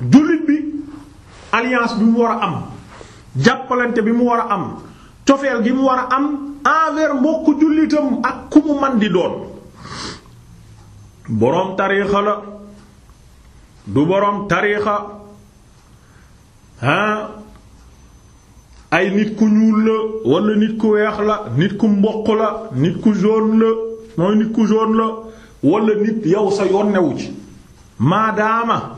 jullit bi alliance bi mu war a am jàppalante bi mu war a am cofeel gi mu war a am envers mbokk jullitam ak ku mu man di doon boroom tariixa la du boroom tariixa ah ay nit ku ñuul la walla nit ku weex la nit ku mboq la nit ku jaune la mooy nit ku jaune la walla nit yow sa yoon newu ci maadaama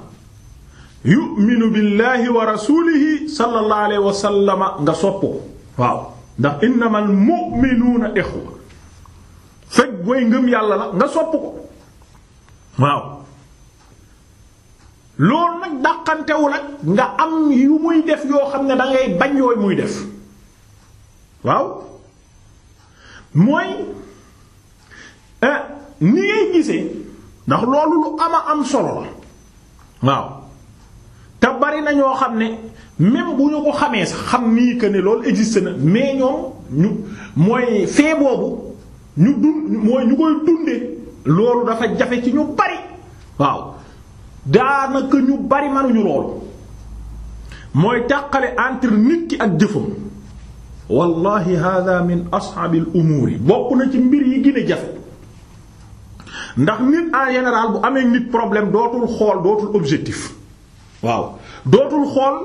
yu'minu billahi wa rasulihi sallallahu alayhi wa sallam nga sopp ko waaw ndax innamal mu'minuuna ixwa fekk booy ngëm yàlla la nga sopp ko waaw loolu nag dàqantewul ak nga am yu muy def yoo xam ne dangay bañ yooyu muy def waaw mooy eh, ni ngay gisee ndax loolu lu ama am solo la waaw te bari na ñoo xam ne même bu ñu ko xamee sax xam nii que ne loolu existe na mais ñoom ñu mooy fee boobu ñu dund mooy ñu koy dundee loolu dafa jafe ci ñu bari waaw daanaka ñu bari mënuñu loolu mooy tàqale entre nit ki ak jëfam wallahi hada min ashaabil umuur yi bokk na ci mbir yi gën a jafe ndax nit en général bu amee nit problème dootul xool dootul objectif waaw dootul xool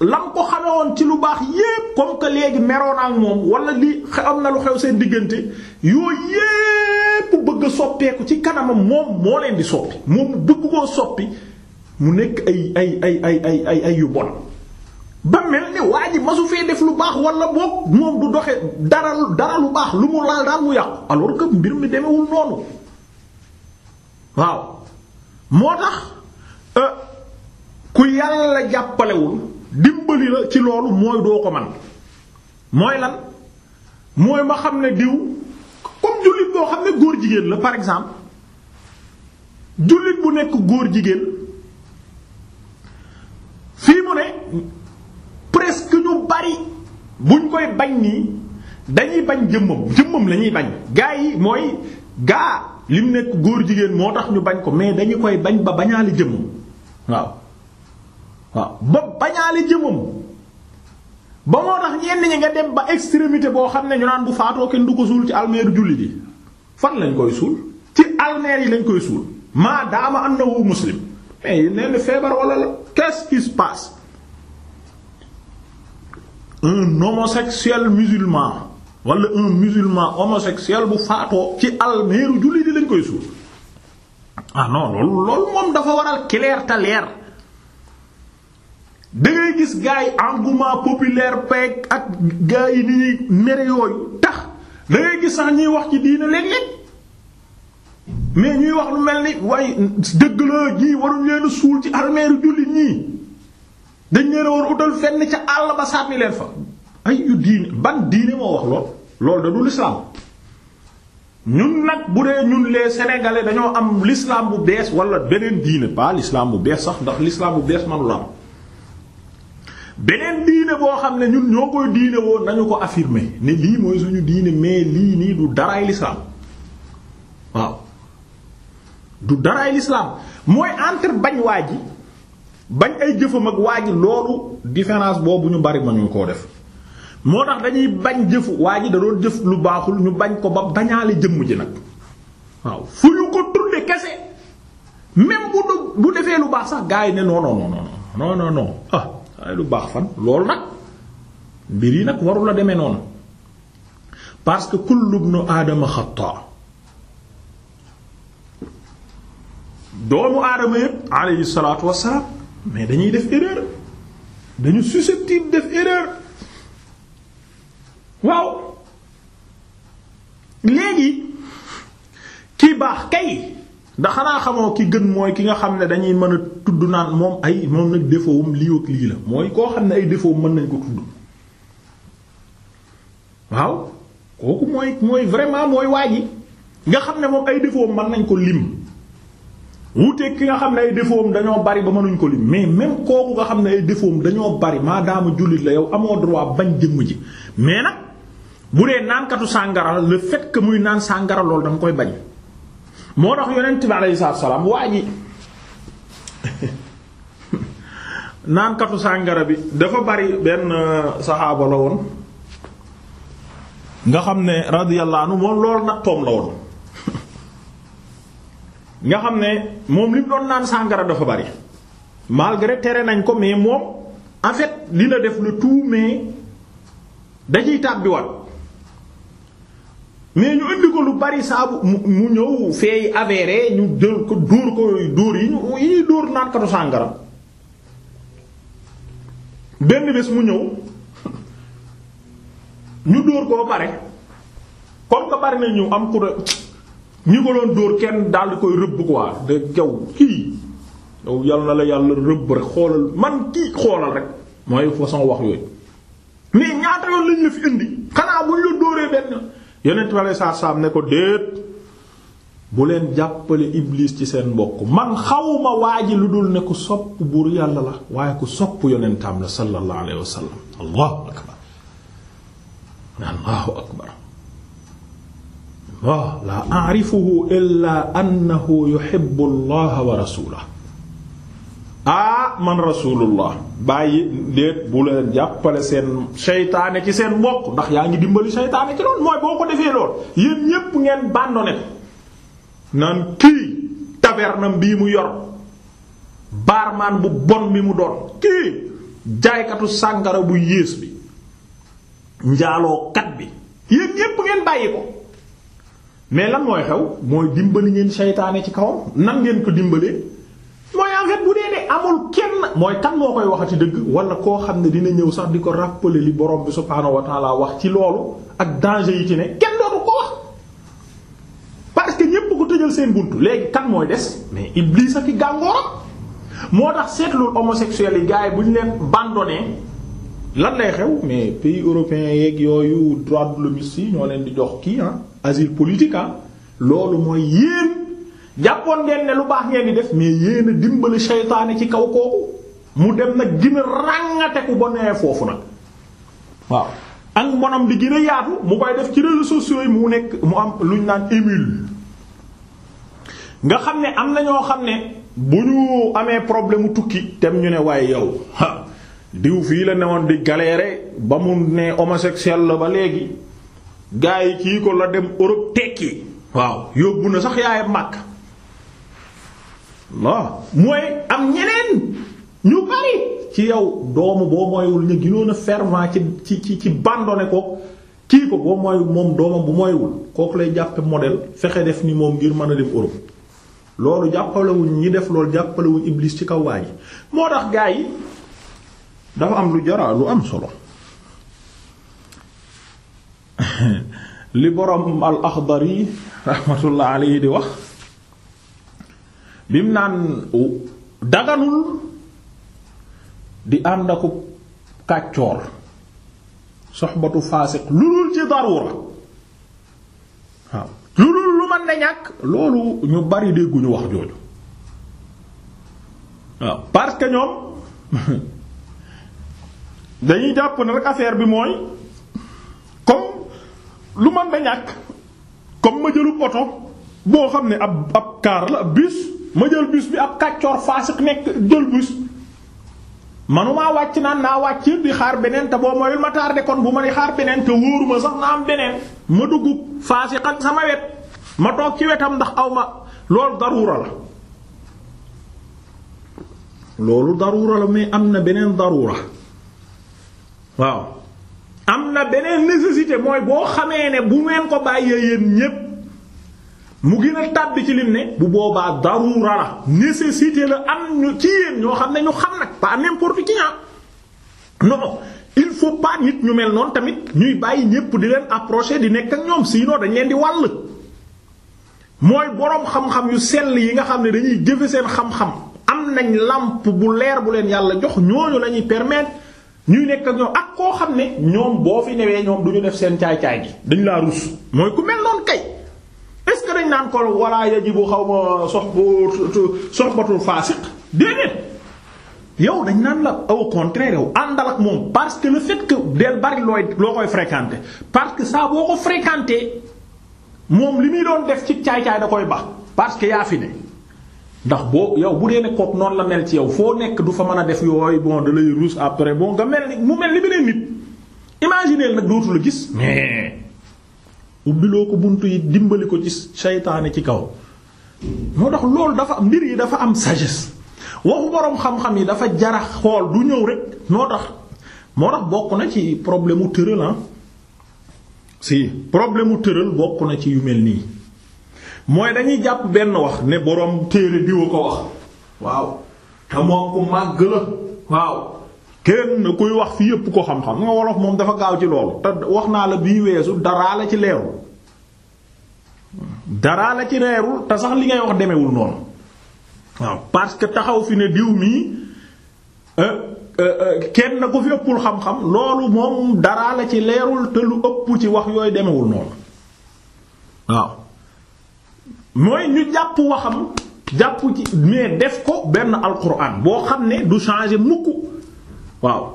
lam ko xame ci lu baax yépp comme que léegi meroon moom wala li am na lu xew seen diggante yooyu yépp bëgg a soppeeku ci kanamam moom moo leen di soppi moom bëgg koo soppi mu nekk ay ay ay ay ay yu bon ba mel ni waa ji masu fee def lu baax wala boog moom du doxe dara dara lu baax lu mu laal daal mu yàqu alors que mbir mi demewul noonu waaw moo tax euh, ku yàlla jàppalewul dimbali la ci loolu mooy doo ko man mooy lan mooy ma xam ne diw comme jullit boo xam ne góor jigéen la par exemple jullit bu nekk góor jigéen fii mu ne presque ñu bari buñ koy bañ nii dañuy bañ jëmmam jëmmam lañuy bañ gaa yi mooy gaa lim nekk góor jigéen moo tax ñu bañ ko mais dañu koy bañ ba bañaale jëmmam waaw waaw ba bañaale jëmam ba moo tax ñenn ñi nga dem ba extremité boo xam ne ñu naan bu faatoo kenn du ko suul ci almeeru jullit yi fan lañ koy suul ci almeer yi lañ koy suul maa daama annahu muslim mais neen feebar wala la qu'est-ce qui se passe un homosexuel musulman wala un musulman homosexuel bu faatoo ci almeeru jullit yi lañ koy suul ah non loolu loolu moom dafa waral clair te da ngay gis gars yi engouement populaire peeg ak gars yi ni ñuy tax da gis sax ñuy wax ci diina léeg-léeg mais ñuy wax lu mel ni waaye dëgg la ñii waruñ leen suul ci armeeru jullit ñii dañ leen war utal fenn ca àll ba sànni leen fa ay yu diine ban diine moo wax lool loolu da du l'islam ñun nag bu dee ñun les sénégalais dañoo am l'islam bu bees wala beneen diine pas l'islam bu bees sax ndax l'islam bu bees manula am beneen diine boo xam ne ñun ñoo koy diine woon nañu ko affirmer ne lii mooy suñu diine mais lii nii du daraay l'islam waaw du daraay l'islam mooy entre bañ waa ji bañ ay jëfam ak waa ji loolu différence boobu ñu bari mënuñu koo def moo tax dañuy bañ jëfu waa ji jëf lu baaxul ñu bañ ko ba bañaale jëmm ji nag waaw fu ñu ko tudde kese même bu bu defee lu baax sax gars yi ne non ah. waaye du baax fan loolu nag mbir yi nag warul a demee noonu parce que kullu ibnu aadama xataa doomu aadama yépp alayhi salaatu wassalaam mais dañuy def erreur dañu susceptible def erreur waaw léegi ki baax kay ndax xanaa xamoo ki gën mooy ki nga xam ne dañuy mën a tudd naan moom ay moom nag défaut am lii ak la mooy koo xam ne ay défaut mën nañ ko tudd waaw kooku mooy mooy vraiment mooy waa yi nga xam ne moom ay défaut mën nañ ko lim wuuteeg ki nga xam ne ay défaut dañoo bari ba mënuñ ko lim mais même kooku nga xam ne ay défaut dañoo bari maadaama jullit la yow amoo droit bañ jëmm ji mais nag bu dee naankatu sàngara le fait que muy naan sàngara loolu danga koy bañ moo tax yonent bi alayhi salaam waa ji. naankatu sàngara bi dafa bari benn euh, saxaaba la woon nga xam ne radiyallahu anhu moom loolu nag toom la woon nga xam ne moom li mu doon naan sàngara dafa bari malgré tere nañ ko mais moom en fait la def le tout mais dañuy tàbbiwaat mais ñu indi ko lu bari saabu mu ñëw feey avéré ñu jël ko dóor ko dóor yi ñu dóor naankatu sàngara benn bés mu ñëw ñu dóor koo pare comme que bari na ñu am ku ñi ko doon dóor kenn daal di koy rëbb quoi de jaw kii yow yal na la yàlla rëbb rek xoolal man kii xoolal rek mooy façon wax yooyu mais ñaata yoon lañ fi indi xanaa bu dóoree benn yonent bi sallallahu alayhi ne ko déet bu leen jàppale iblis ci seen mbokk man xawma waa ji lu dul ne ku sopp buur yàlla la waaye ku sopp yonentam la sallallahu allahu akbar allahu akbar allah la arifuhu illa annahu yuhibbu allaha wa ah, bàyyi déet bu leen jàppale seen seytaane ci seen mbokk ndax yaa ngi dimbali seytaane ci loolu mooy boo ko defee lool yéen ñépp ngeen bàndoone ko naan kii tavernam bii mu yor baarmaan bu bon bi mu doon kii jaaykatu sàngara bu yées bi kat bi yéen ñépp ngeen bàyyi ko mais mooy xew mooy dimbali ngeen seytaane ci kaw nan ngeen ko dimbalee mooy en bu dee ne amul kenn mooy kan moo koy ci dëgg wala koo xam ne dina ñëw sax di ko rappeler li borom bi subhaanahu wa wax ci loolu ak danger yi ci ne kenn tëjal seen léegi kan mooy des mais Iblis ak i gàngoor moo tax seetlu homosexuels yi gars bu ñu leen bandonné lan lay xew mais pays européens yeeg yooyu droit de l'homme yi ñoo leen di jox kii ah asile politique ah loolu mooy yéen jàppoon ngeen ne lu baax ngeen di def mais yéen a dimbali seytaane ci kaw kooku mu dem nag gën a ràngate ku ba nee foofu nag waaw. ak monam di gën a yaatu mu koy def ci réseaux sociaux yi mu nekk mu am luñ naan émule. nga xam ne am na ñoo xam ne bu ñu amee problème mu tukki tem ñu ne waaye yow diw fii la newoon di galéré ba mu ne homosexuel la ba léegi gars yi kii ko la dem Europe tekki waaw yóbbu na sax yaayam màkk waaw mooy am ñeneen ñu bari ci yow doomu boo moywul ñu ginoon a ci ci ci ci bandone ko kii ko boo moywul moom doomam bu moywul kook lay jàppe model fexe def ni moom ngir mën a dem Europe loolu jàppalewuñ ñi def loolu jàppalewuñ iblis ci kawaay waa ji moo tax gaa yi dafa am lu jara lu am solo li borom al Axdari rahmatullah alayhi di wax bim naan daganul di àndaku aku kàccoor soxbatu faasiq lu dul ci darura waaw lu lu lu man na ñàkk loolu ñu bari dégguñu wax jooju waaw parce que ñoom dañuy jàpp ne rek affaire bi mooy comme lu man na ñàkk comme ma jëlu oto boo xam ne ab ab kaar la ab bus ma jël bus bi ab kàccoor faasik nekk jël bus manumaa wàcc naan naa wàcc di xaar beneen te boo moyul ma tardé kon bu ma di xaar beneen te wóoruma sax na am beneen ma dugg faasiq ak sama wet ma toog ci wetam ndax aw ma loolu daruura la loolu daruura la mais am na beneen daruura waaw am na beneen nécessité mooy boo xamee ne bu ngeen ko bàyyee yéen ñépp mu gën a tàbbi ci lim ne bu boobaa daruura la nécessité la am ñu ci yéen ñoo xam ne ñu xam nag pas n'importe qui non il faut pas nit ñu mel noonu tamit ñuy bàyyi ñépp di leen approcher di nekk ak ñoom sinon dañ leen di wàll mooy boroom xam-xam yu sell yi nga xam ne dañuy jëfe seen xam-xam am nañ làmp bu leer bu leen yàlla jox ñooñu lañuy permettre ñuy nekk ak ñoom ak koo xam ne ñoom boo fi newee ñoom duñu def seen caay-caay gi dañ laa rus mooy ku mel noonu kay est-ce que dañ naan ko walla bu xaw ma sox bu soxbatul faasiq déedéet yow dañ naan la au contraire yow àndal ak moom parce que le fait que del bari looy loo koy fréquenter parce que saaboo ko fréquenter moom li muy doon def ci caay-caay da koy bax parce que yaa fi ne ndax boo yow bu dee ne kook noonu la mel ci yow foo nekk du fa mën a def yooyu bon da lay ruus après bon nga mel ni mu mel ni beneen nit imaginer nag dootu la gis mais ubbiloo ko bunt yi dimbali ko ci seytaane ci kaw moo tax loolu dafa mbir yi dafa am sagesse waxu boroom xam-xam yi dafa jara xool du ñëw rek moo tax moo tax bokk na ci problème mu tëral ah si problème mu tëral bokk na ci yu mel nii mooy dañuy jàpp benn wax ne boroom téere diwa ko wax waaw te moom ku màgg la waaw kenn kuy wax fi yépp ko xam-xam nga wolof moom dafa gaaw ci loolu te wax naa la bii weesu daraa la ci leerul daraa la ci leerul te sax li ngay wax demewul noonu waaw parce que taxaw fi ne diw mii euh, euh, euh, kenn ko fi ëppul xam-xam loolu moom dara la ci leerul te lu ëpp ci wax yooyu demewul noonu waaw mooy ñu jàpp waxam jàpp ci mais def ko benn alquran boo xam ne du changer mukk waaw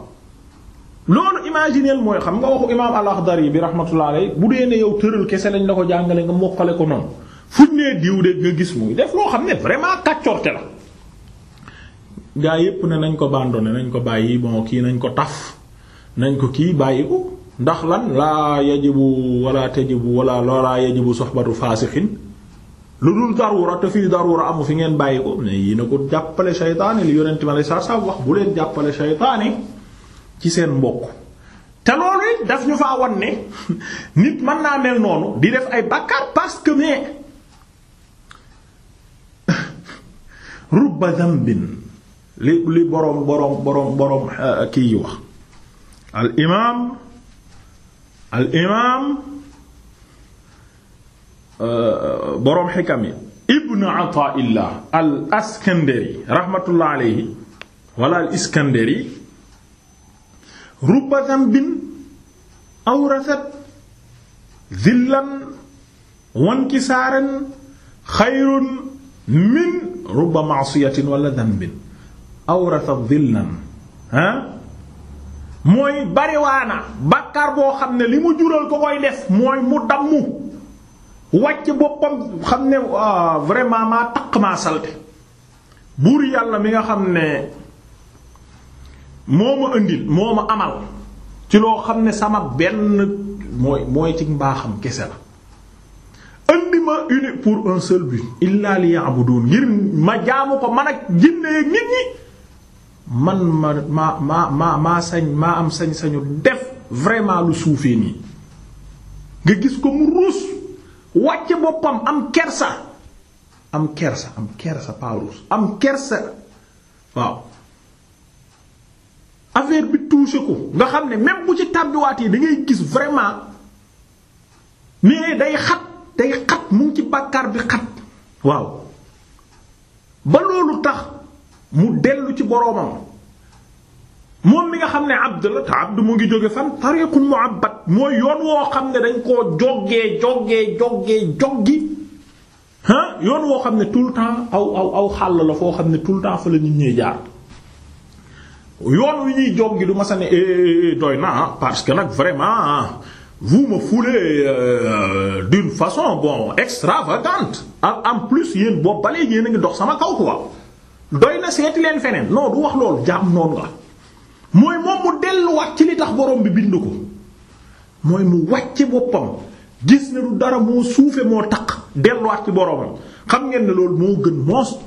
loolu imaginer mooy xam nga waxu imaam al-Akhdari bi rahmatullah alayhi bu dee ne yow tëral kese lañ la ko jàngale nga mokkale ko noonu fuñ nee diw de nga gis muy def loo xam ne vraiment kàccoorte la gaa yépp ne nañ ko ne nañ ko bàyyi bon kii nañ ko taf nañ ko kii bàyyi ko ndax lan laa yajibu wala tajibu wala laa yajibu soxbatu faasixin lu dul darura te fii darura amu fi ngeen bàyyi ko mais yii na ko jàppale saytaane li yonent ma lay saa saa wax bu leen jàppale saytaane ci seen mbokk te loolu it daf ñu faa wan ne nit mën naa mel noonu di def ay bàkkaar parce que rubba dambin li li boroom boroom boroom boroom eh, kii wax al imaam al imaam eh, boroom xikam yi ibn ataillah al askandari rahmatullah alayhi wala al iskandari rubba dambin awrasat dhillan wankisaaran xayrun min rubba ma'siyatin wala dhanbin awrata dhillan ha mooy bariwaana bàkkaar boo xam ne li mu jural ko koy def mooy mu dammu wàcc boppam xam ne ah, vraiment maa taq maa salte buur yàlla mi nga xam ne moo ma indil moo ma amal ci loo xam ne sama benn mooy mooy ci mbaaxam kese la indi ma uni pour un seul but bu liya'budun ngir ma jaamu ko man ak jinne ak nit ñi man ma ma ma ma maa sañ maa am sañ-sañu def vraiment lu suufee nii nga gis ko mu ruus wàcce boppam am kersa am kersa am kersa pas am kersa waaw affaire bi touché ko nga xam ne même bu ci tàbbiwaatee yi dangay gis vraiment mais day xat tey xat mu ngi ci bàkkaar bi xat waaw ba loolu tax mu dellu ci boroomam moom mi nga xam ne abd la te abd mu ngi jóge fan tariqul mu'abbad mooy yoon woo xam ne dañ koo joggee joggee jog gi ah yoon woo xam ne tout le temps aw aw aw xàll la foo xam ne tout le temps fa la nit ñuy jaar yoon wi ñuy joggi du ma sa eh, eh, eh, doy na ah, parce que nag vraiment ah, vous ma foulez euh, d'une façon bon extravagante ah, en plus yéen boobu ba léegi a ngi dox sama kaw quoi doy na seeti leen feneen non du wax loolu jaam noonu nga mooy moom mu delluwaat ci li tax borom bi bind ko mooy mu wàcc boppam gis ne du dara moo suufe moo taq delluwaat ci boromam xam ngeen ne loolu moo gën moos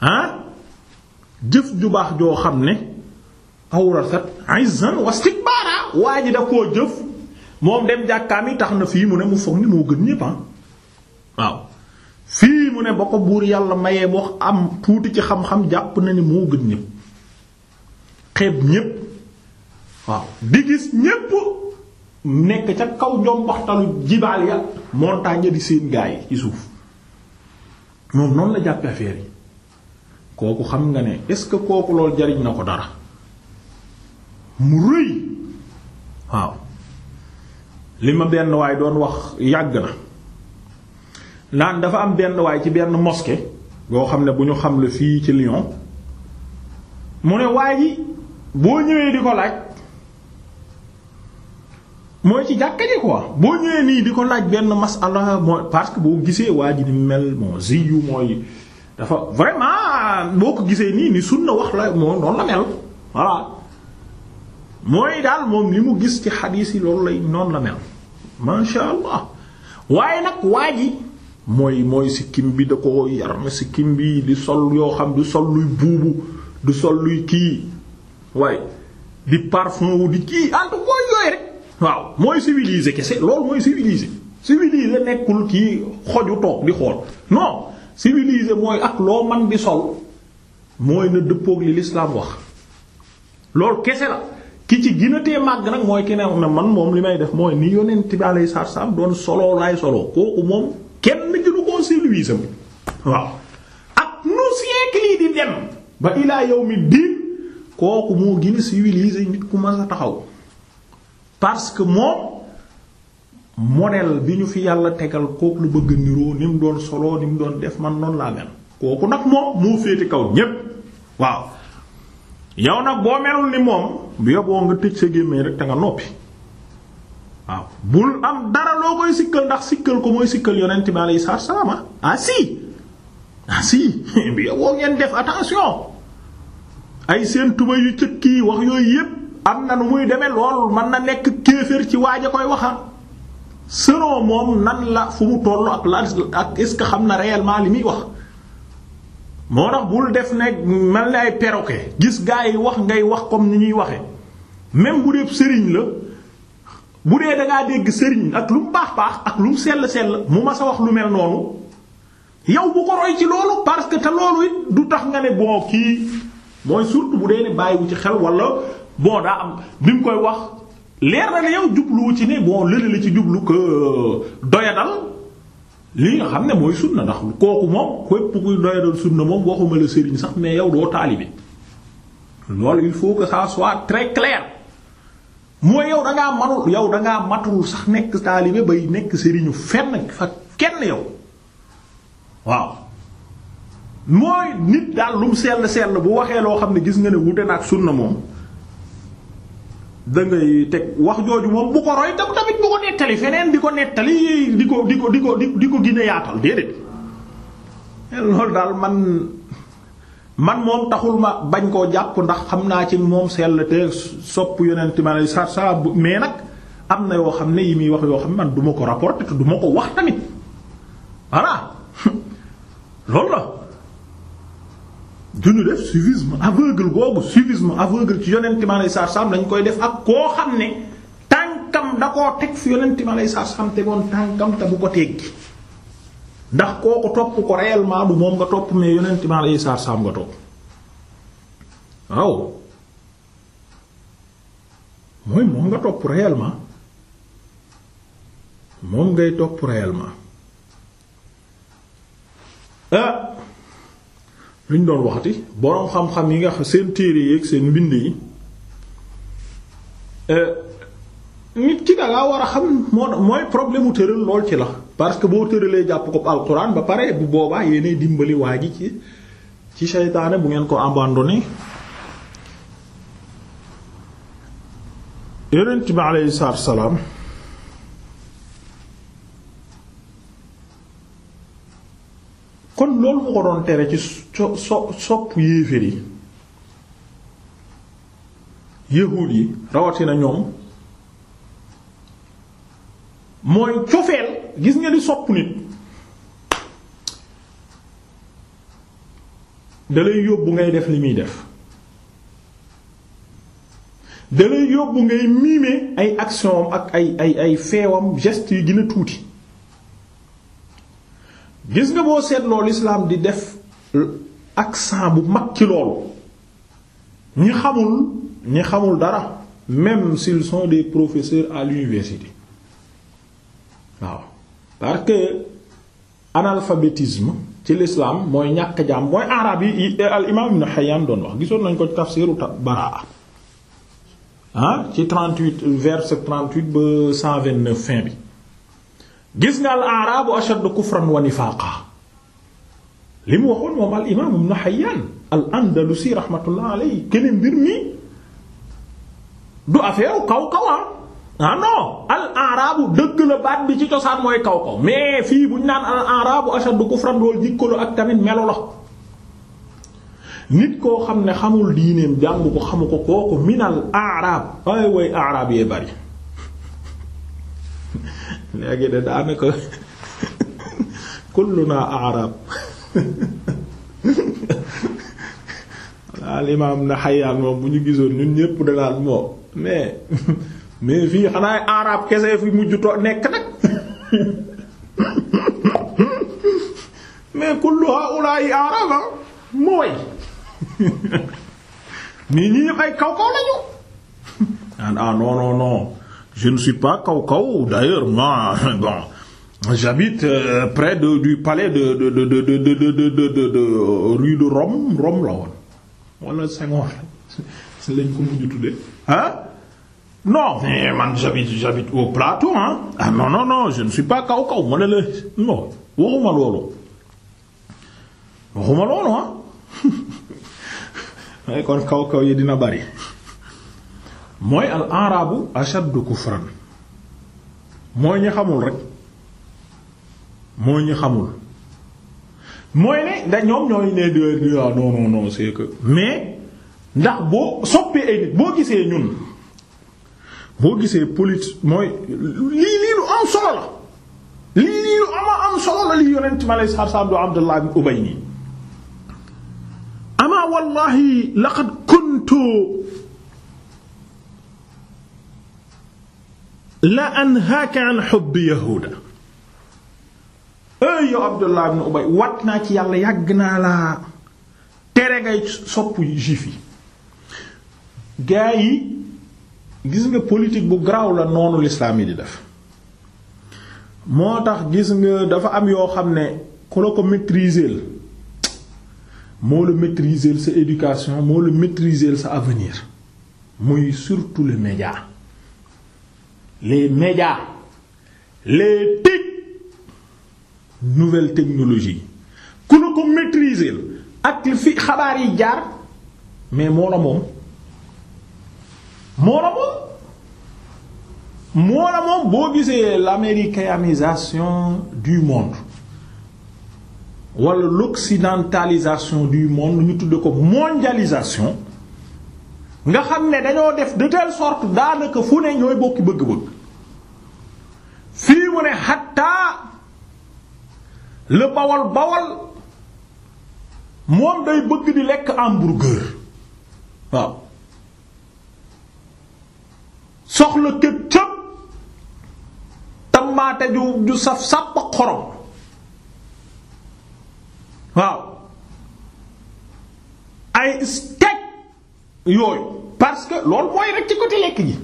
ah jëf ju baax joo xam ne awrasat izzan wastikbara waa ji da koo jëf moom dem jàkkaam yi tax na fii mu ne mu foog ni moo gën ñépp ah. waaw fii mu ne ba ko buur yàlla mayee boo am tuuti ci xam-xam jàpp na ni moo gën ñépp xeeb ñépp waaw di gis ñépp nekk ca kaw jom waxtalu jibaal ya montagne di seen gaa yi ci suuf moom noonu la jàppe affaire yi kooku xam nga ne est-ce que kooku loolu jariñ na ko dara mu rëy waaw li ma benn waay doon wax yàgg na naan dafa am benn waay ci benn moske boo xam ne bu ñu xam la fii ci Lyon mu ne waay ji boo ñëwee di ko laaj mooy ci jàkka ji quoi boo ñëwee nii di ko laaj benn masala mooy parce boo gisee waa ji ni mel moo ziyu mooy dafa vraiment boo ko gisee nii ni sunna wax la moo noonu la mel voilà mooy daal moom li mu gis ci xadiis yi loolu lay noonu la mel masha allah waaye nag waa ji mooy mooy sikkim bi da ko yar na sikkim bi di sol yoo xam du sol luy buubu du sol luy kii waaye di parfum wu di kii en tout cas rek waaw mooy civilisé kese loolu mooy civilisé civilisé nekkul kii xoju toog di xool non civilisé mooy ak loo man di sol mooy na dëppoog li l'islam wax loolu kese la ki ci ginatee màgg nag mooy ki ne man moom li may def mooy ni yonent bi alayhi saam doon solo laay solo kooku moom kenn gënu koo séluisam waaw ak nu di dem kooku moo gën nit ku mas a taxaw parce que moom modèle bi ñu fi yàlla tegal kooku lu bëgg niroo ni mu doon soloo ni mu doon def man noonu laa mel kooku nag moom moo féete kaw ñépp waaw yow nag boo melul ni moom bu yoboo nga tëj sa gémmiñ rek te nga noppi waaw bul am dara loo koy sikkal ndax sikkal ko mooy sikkal yonent bi alayhi salaam ah. Ah, si ah ngeen def attention ay seen tuba yu cëkk yi wax yooyu yépp am na nu muy demee lool mën na nekk kéefër ci waaj a koy waxa selon moom nan la fu mu toll ak la ak est-ce que xam na réellement li muy wax moo tax bul def ne mel ni ay perroquet gis gaa yi wax ngay wax comme ni ñuy waxee même bu dee sëriñ la bu dee da ngaa dégg sëriñ ak lu mu baax baax ak lu mu sell sell mu mas a wax lu mel noonu yow bu ko roy ci loolu parce que te loolu it du tax nga ne bon kii mooy surtout bu dee ne bàyyiwu ci xel wala boo daa am bi mu koy wax leer na ne yow jubluwu ci ne bon lële la ci jublu que euh, doyadal li nga xam ne mooy sunna ndax kooku moom képp kuy doyadal sunna moom waxuma la sëriñ sax mais yow doo taalibe loolu il faut que ça soit très clair. mooy yow da ngaa manul yow da ngaa matul sax nekk taalibe bay nekk sëriñu fenn fa kenn yow waaw mooy nit daal lum sell sell bu waxee loo xam ne gis nga ne wute na ak sunna moom da ngay teg wax jooju moom bu ko roy tam tamit bu ko nettali feneen di ko nettali di ko di ko di ko di ko gën a yaatal déedéet loolu daal man. man moom taxul ma bañ koo jàpp ndax xam naa ci moom sell te sopp yonent ma ne sa sa mais nag am na yoo xam ne yi muy wax yoo xam ne man du ma ko rapporter te du ma ko wax tamit voilà loolu la duñu def suivisme aveugle googu suivisme aveugle ci yonent ma ne sa sam lañ koy def ak koo xam ne tànkam da koo teg fi yonent ma ne sa sam te boon tànkam te bu ko teggi ndax kooku topp ko réellement du moom nga topp mais yonent ma lay saar saam nga topp waaw mooy moom nga topp réellement moom ngay topp réellement ah lu ñu doon waxati boroom xam-xam yi nga xam seen téere yi ak seen mbind yi eh, nit ci da ngaa war a xam moo mooy problème mu tëral lool ci la. parce que boo tëralee jàpp ko alquran ba pare bu boobaa yéenay dimbali waa ji ci ci seytaane bu ngeen ko abandonné yonent bi aleyhi salaatu salaam kon loolu mu ko doon tere ci so sopp yéeféer yi yahuud yi rawatina ñoom mooy cofeel gis nga di sopp nit dalay yóbbu ngay def li muy def dalay yóbbu ngay mimer ay action ak ay ay ay feewam geste yi gën tuuti gis nga boo seetloo lislaam di def accent bu mag ci loolu ñi xamul ñi xamul dara même s'ils sont des professeurs à l'université waaw parce que analphabétisme ci l'islam mooy ñàkk jaam mooy araab yi al imaam Ibn Hayyan doon wax gisoon nañ ko ci tafsiru Baraa ah ci 38 verset 38 ba 129 fin bi gis nga al arabu ashaddu kufran wa nifaaqa li mu waxoon moom al imaam Ibn Hayyan al andalusi rahmatullah alayhi keneen mbir mi du affaire kaw kawa ah. ah al arabu dëgg la baat bi ci cosaan mooy kaw kaw mais fii bu ñu naan al arabu ashadu kufran loolu jikko ak tamit melo la nit koo xam ne xamul diineem jàngu ko xamu ko kooku minal arab ay way arab yee bari léegi de daanaka kullunaa arab al imaam na xayaan moom bu ñu gisoon ñun ñépp danaan moom mais mais fii xanaa arab kese fi mujj to nekk nag mais kullu haula yi araba mu way nii ñi ñëpp kaw kaw lañu ah non non non je ne suis pas kaw kaw d'ailleurs moi bon j'habite près de du palais de de de de de de de de rue de Rome Rome la woon wala Senghor lañ ko mujj tudde ah non mais eh, man j'habite j'habite au plateau ah non non non je pas kaw kaw ma ne la non waxuma loolu waxuma loolu ah kon kaw kaw yi dina bari mooy al arabu ashaddu kufran mooy ñi xamul rek mooy ñi xamul mooy ne nga ñoom ñooy ne de ah, non non non c'est que mais ndax boo soppee ay nit boo gisee ñun. boo gisee politique mooy lii lii lu am solo la lii lu ama am solo la ma lay saabsaab doo Abdullah ibn Ubay nii ama wallahi laqad kuntu la anhaaka an hubbi yahuuda eey yow Abdullah ibn Ubay wat naa ci yàlla yàgg naa laa tere ngay sopp juif gis nga politique bu garaaw la noonu lislaam yi di def moo tax gis nga dafa am yoo xam ne ku la ko maîtriser moo la maîtriser sa éducation moo la maîtriser sa avenir muy surtout le médias les médias le TIC nouvelle technologie ku la ko maîtriser ak li fi xabaar yi jaar mais moo la moom. moo la moom moo la moom boo gisee l'américanisation du monde wala l'occidentalisation du monde ñu tudde ko mondialisation nga xam ne dañoo def de telle sorte daanaka fu ne ñooy bokki bëgg-bëgg fii mu ne xattaa le bawal bawal moom day bëgg di lekk hamburger waaw soxla kët cëp tamaate ju ju saf sàpp ak xorom waaw ay steak yooyu parce que loolu mooy rek ci côté lekk gi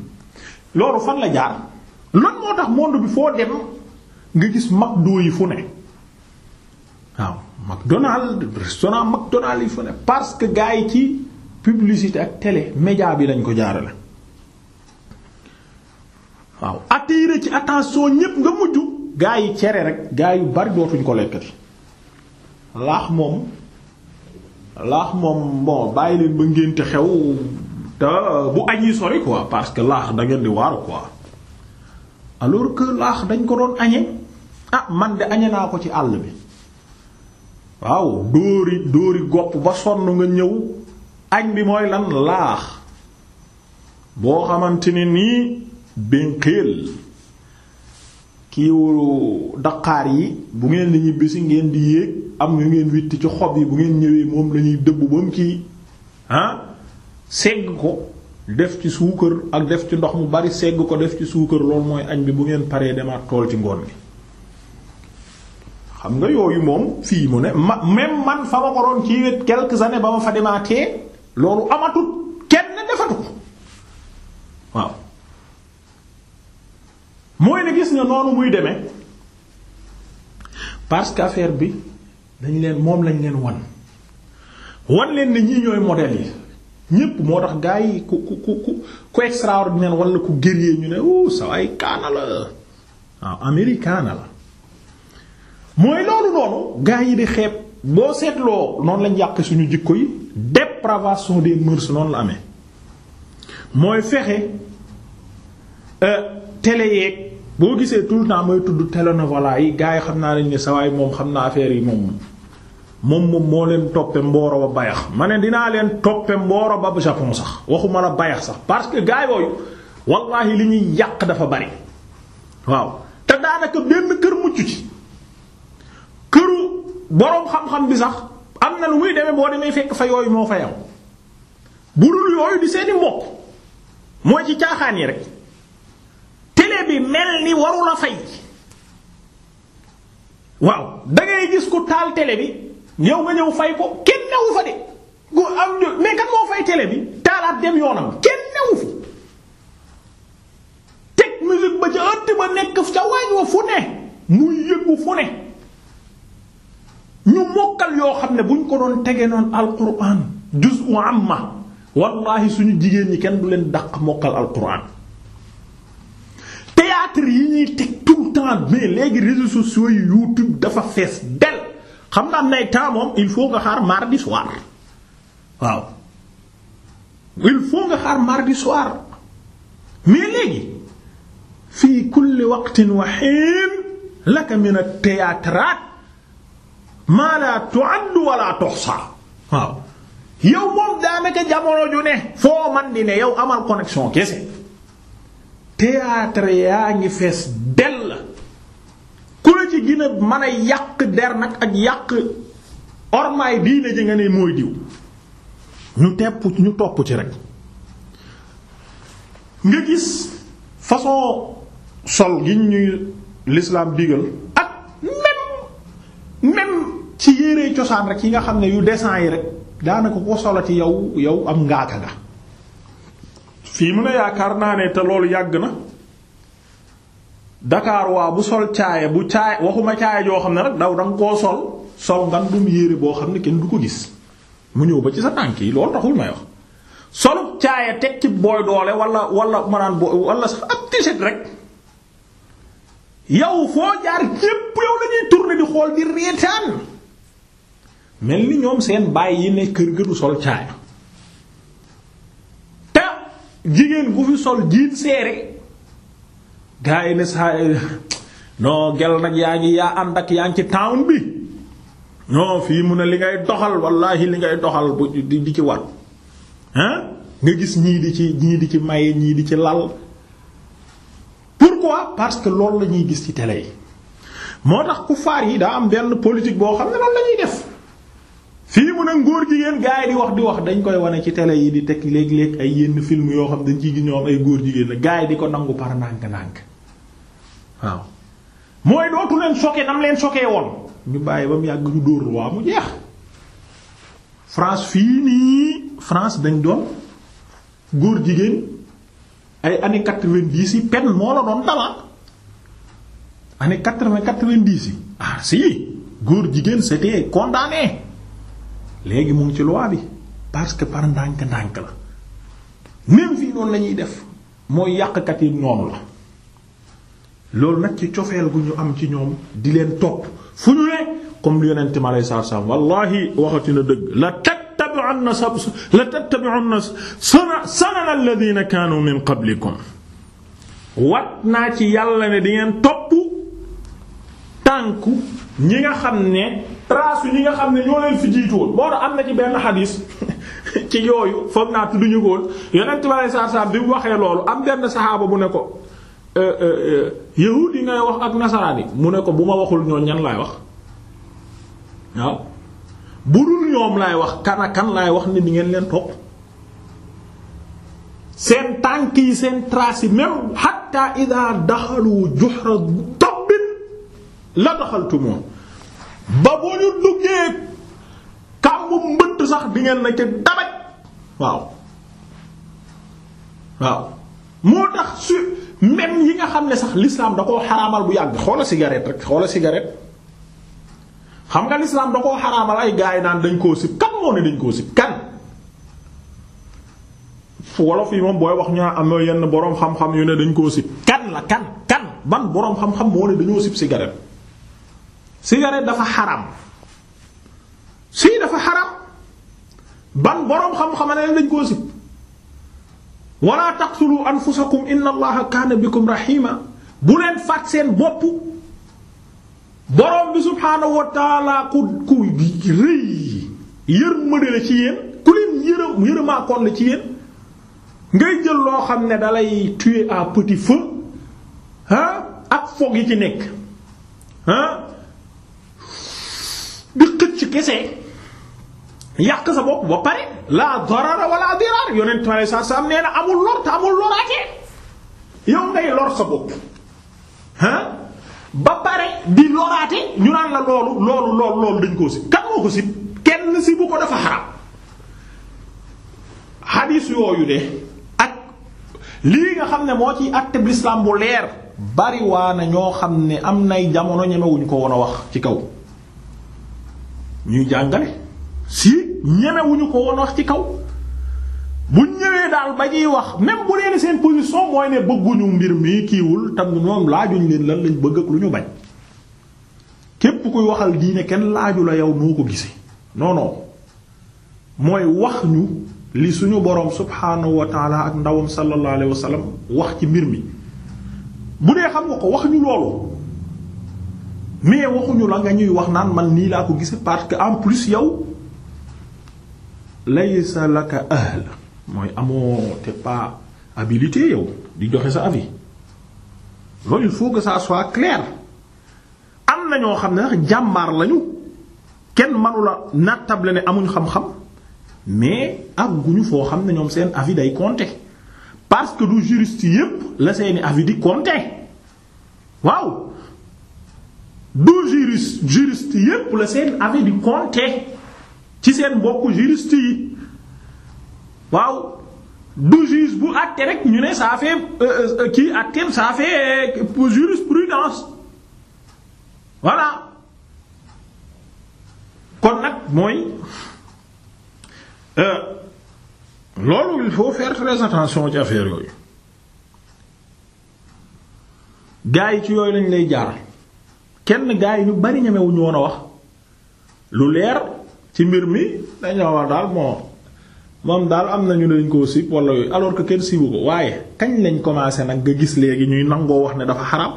loolu fan la jaar lan moo tax monde bi foo dem nga gis McDo yi fu ne waaw McDonald restaurant McDonald yi fu ne parce que gars yi ci publicité ak télé média bi lañ ko jaarale waaw attirer ci attention ñépp nga mujj gaa yi cere rek gaa yu bari dootuñ ko lekkati laax moom laax moom bon bàyyi leen ba ngénte xew te bu añi sori quoi parce que laax da di waaru quoi alors que laax dañ ko doon añe ah man de añe naa ko ci àll bi waaw dóori dóori gopp ba sonn nga ñëw añ bi mooy lan laax boo xamante ne nii binqiil kiiwu daqaar yi bu ngeen di ñibbisi ngeen di yéeg am yu ngeen witti ci xob yi bu ngeen ñëwee moom lañuy dëbb ba ci kii ah segg ko def ci suukar ak def ci ndox mu bari segg ko def ci suukar loolu mooy añ bi bu ngeen paree demaat tool ci ngoon bi xam nga yooyu moom fii mu ne ma même man fa ma ko doon ci wet quelques années ba ma fa demaatee loolu amatut mooy ne gis nga noonu muy demee parce que affaire bi dañ leen moom lañ leen wan wan leen ne ñii ñooy modèle yi ñépp moo tax gaa yi ku ku ku ku extraordinaire wala ku guerrier ñu ne oh sa waay kaana la waaw américaana la mooy loolu noonu gars yi di xeeb boo seetloo noonu lañ yàq suñu jikko yi dépravation des mœurs noonu la amee mooy fexe euh, tele yeeg boo gisee tout le temps mooy tudd télénovela yi gars yi xam naa nañ ne sawaay moom xam naa affaire yi moom moom moom moo leen toppe mbooro ba bayax ma ne dinaa leen toppee mbooro ba japon sax waxuma la bayax sax parce que gars yooyu wallaahi li ñuy yàq dafa bari waaw te daanaka benn kër mucc ci këru boroom xam-xam bi sax am na lu muy demee boo demee fekk fa yooyu moo fa yaw bu dul yooyu di seeni mbokk mooy ci caaxaan yi rek bi mel ni waru la fay waaw da gis ko taal télé bi yow ma ñëw fay ko kenn newu fa de gu moo fay télé bi taalaat dem yoonam kenn newu fa teg musique ba ca ëtt ba nekk ca waañ wa fu ne muy yëngu fu ne ñu mokkal yoo xam ne buñ ko doon tege noon alquran juz'u amma wallahi suñu jigéen ñi kenn du leen daq mokkal alquran théâtre yi ñuy teg léegi réseaux sociaux yi YouTube dafa fees del xam nga am il faut nga xaar mardi soir waaw il faut nga xaar mardi fii kulli waqtin laka min at-théâtrate ma la tu'addu wa la tuhsa waaw yow moom daanaka jamono ju ne foo man di ne yow amal connexion kese théâtre yaa ngi fees dell ku la ci gën a mën a yàq der nag ak yàq ormaay bii ji nga ne mooy diw ñu tepp ñu topp ci rek nga gis façon sol gi ñuy l'islam digal ak même même ci yéree cosaan rek yi nga xam ne yu dessin yi rek daanaka ko solati yow yow am ngaaka nga fii mu ne yaakaar naa ne te loolu yàgg na Dakar waa bu sol caaya bu caaya waxuma caaya joo xam ne rek daw danga koo sol sol ngan dum yére boo xam ne kenn du ko gis mu ñëw ba ci sa tànk yi loolu taxul may wax solub caaya teg ci booy doole wala wala manaan booy wala sax ab t-shirt rek yow foo jaar yépp yow la ñuy di xool di reetaan mel ni ñoom seen bàyyi yi ne kër ga du sol caaya jigéen gu fi sol jiin seere gars yi ne saa non gel nag yaa ngi yaa ànd ak yaa ngi ci town bi non fii mu ne li ngay doxal wallaahi li ngay doxal bu di ci wat ah nga gis ñii di ci ñii di ci may ñii di ci lal pourquoi parce que loolu la ñuy gis ci tele yi moo tax ku faar yi daa am benn politique boo xam ne loolu la def fii mu ne ngóor jigéen gars yi di wax di wax dañ koy wane ci télé yi di teg léeg-léeg ay yenn film yoo xam dañ ciy gis ñoom ay góor jigéen la gars yi di ko nangu par nànk-nànk waaw mooy dootu leen soke nam leen sokee woon ñu bàyyi ba mu yàgg ñu dóor waa mu jeex France fii nii France dañ doon góor jigéen ay années quatre-vingt-dix yi pen moo la doon dala ah. année quatre quatre quatre-vingt-dix yi ah si góor jigéen c'était condamné léegi mu ngi ci loi bi parce que par ndànk-ndànk la même fii noonu lañuy def mooy yàqkat yi noonu la loolu nag ci cofeel gu ñu am ci ñoom di leen topp fu ñu ne comme lu yonente mi aleyhi salaatu salaam wallahi waxati na dëgg la tattabi'unna la sana sanana alladhina kaanu min qablikum wat naa ci yàlla ne di ngeen topp tànku ñi nga xam ne trace ñi nga xam ne ñoo leen fi moo tax am na ci benn xadis ci yooyu foog naa tudd ñu ko woon yonent bi sallallahu alayhi bi mu waxee loolu am benn saxaaba bu ne ko euh, euh, euh, yahuud yi ngay wax ak nasaraan yi mu ne ko bu ma waxul ñoo ñan laay wax waaw bu dul ñoom laay wax kan lay kan laay wax ni di ngeen leen topp seen tànk yi seen tras yi même hatta idha daxalu juhra la daxaltumoo ba boo ñu duggee kàmbu mbëtt sax di ngeen na ci dabaj waaw waaw moo tax su même yi nga xam ne sax l'islam da koo xaraamal bu yàgg xoola cigarette rek xoola cigarette xam nga l'islam da koo xaraamal ay gaay naan dañ koo sib kan moo ne dañ koo sib kan moom booy wax ñu am yenn boroom xam-xam dañ koo sib kan la kan kan ban boroom xam-xam moo ne dañoo sib cigarette cigarette dafa xaram si dafa xaram ban boroom xam-xam ne dañ koo sib wala taqtulu anfusakum inna allaha kaana bikum rahima bu leen faat seen bopp boroom bi subhaanahu wa taala ku ku rëy yërmande la ci yéen ku leen yërëm yërëmaakoon la ci yéen ngay jël loo xam ne dalay tuer à petit feu ah ak foog yi ci nekk ah. kese yàq sa bopp ba pare la darara wala dirar yonent sallallahu alayhi wasallam nee na amul lor te amul loraate yow ngay lor sa bopp ah ba pare di loraate ñu naan la loolu loolu loolu loolu dañ koo sib kan moo ko si kenn si bu ko dafa xaram hadis yooyu de ak lii nga xam ne moo ci acte bi bu leer bariwaana ñoo xam ne am nay jamono ñemewuñ ko woon a wax ci kaw ñuy jàngale si ñemewuñu ko woon wax ci kaw bu ñëwee daal ba ñuy wax même bu leen seen position mooy ne bëgguñu mbir mi kiiwul tam ñoom laajuñ leen lan lañ bëgg ak lu ñu bañ képp kuy waxal diine kenn laaju la yow noo ko gisee non mooy wax ñu li suñu boroom subhaanahu wa taala ak ndawum sallallahu alayhi wax ci mbir mi bu dee xam nga ko wax ñu loolu mais waxuñu la nga ñuy wax naan man nii laa ko gise parce que en plus yow laysa laka ahl mooy amoo te pas habilité yow di joxe sa avi loolu il faut que ça soit clair am na ñoo xam ne sax jàmbaar lañu kenn manula nattable ne amuñ xam-xam mais àgguñu foo xam ne ñoom seen avi day compter parce que du juriste yépp la seeni avis di compter waaw du juriste juriste yépp la seen avis di compter ci seen mbokku juriste waaw du juge bu àtte rek ñu ne ça fait euh, euh, euh, kii àtteem ça fait jurisprudence voilà kon nag mooy loolu il faut faire très attention ci affaire yooyu gars yi ci yooyu lañ lay jaar. kenn gaa yi ñu bari ñemewuñu woon a wax lu leer ci mbir mi dañoo wax daal bon moom daal am nañu ne dañ koo sib wala yooyu alors que kenn sibu ko waaye kañ lañ commencé nag nga gis léegi ñuy nangoo wax ne dafa xaraam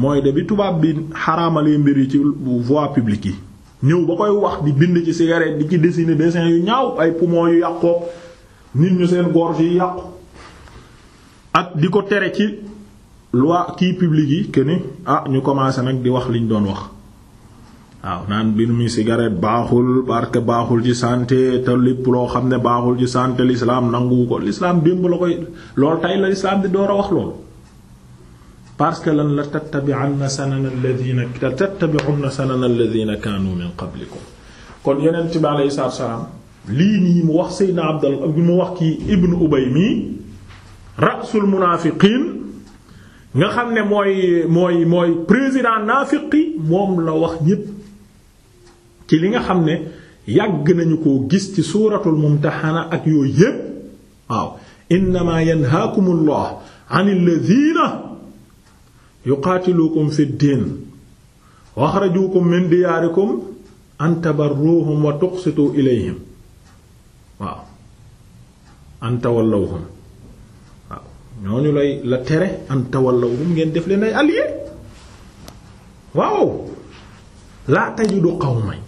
mooy de bi tubaab bi xaraamalee mbir yi ci voie publique yi ñëw ba koy wax di bind ci cigarette di ci dessiner dessin yu ñaaw ay poumon yu yàqoo nit ñu seen gorge yu yàqu ak di ko tere ci loi kii publique yi que ni ah ñu commencé nag di wax liñ doon wax waaw naan mbir mi cigarette baaxul parce que baaxul ci santé te lépp loo xam ne baaxul ci santé li nangu ko l'islam démb la koy loolu tey la l'islam di door a wax loolu parce que lan la tattabi'anna sanana alladhina tattabi'unna sanana alladhina kaanu bi alayhi salaatu salaam lii nii mu wax Seydina Abdallah mu wax kii Ibn Ubay mii rasul munaafiqiin nga xam ne mooy mooy mooy président naafiqi moom la wax ñépp ci li nga xam ne yàgg nañu ko gis ci suuratul mumtaxana ak yooyu yépp waaw innama yanhaakum llah an alladina yuqaatiluukum fi wa axrajuukum ilayhim waaw an tawallawhum ñooñu lay la tere an tawallawum ngeen def leen ay alliés waaw laa tajidu qawman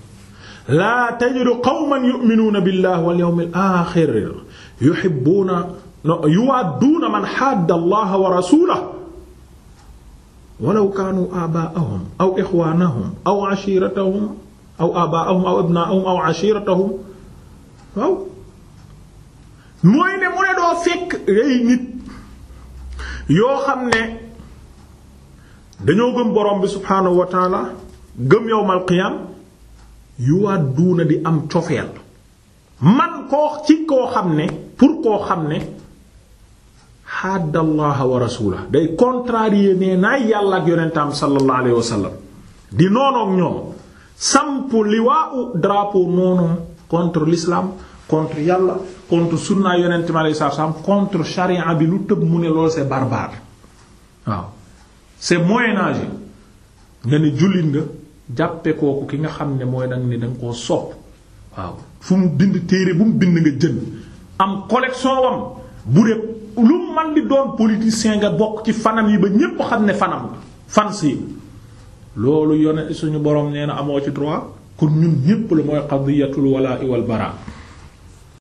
laa tajidu qawman yu'minuuna billahi wal yawmil aaxir yuhibbuuna yuwadduuna man xadda allaha wa rasulahu walaw kaanu abaa'ahum aw ixwaanahum aw ashiiratahum aw abaa'ahum aw abnaa'ahum aw ashiiratahum waaw mooy ne mu ne doo fekk ay yoo xam ne dañoo gëm borom bi subhaanahu gëm taala gëm yowmal qiyam yuwadduuna di am cofeel man koo ci koo xam ne pour koo xam ne xaddallaha wa rasula day contrarier nee naay yàlla ak yonentaam sallallahu alayhi wa sallam di noonoog ñoom samp liwaa'u drapeau noonoom contre l'islam contre yàlla contre sunna yonent mi alayhi salaam contre charia bi lu tëb mu ne lool c'est barbare waaw c'est moyen âge nga ne jullit nga jàppe kooku ki nga xam ne mooy danga ne danga koo sopp waaw fu mu bind téere bu mu bind nga jënd am collection wam bu dee lu man di doon politicien nga bokk ci fanam yi ba ñépp xam ne fanam la fan si loolu yone suñu borom nee na amoo ci droit kon ñun ñépp la mooy qadiyatul walaa wal bara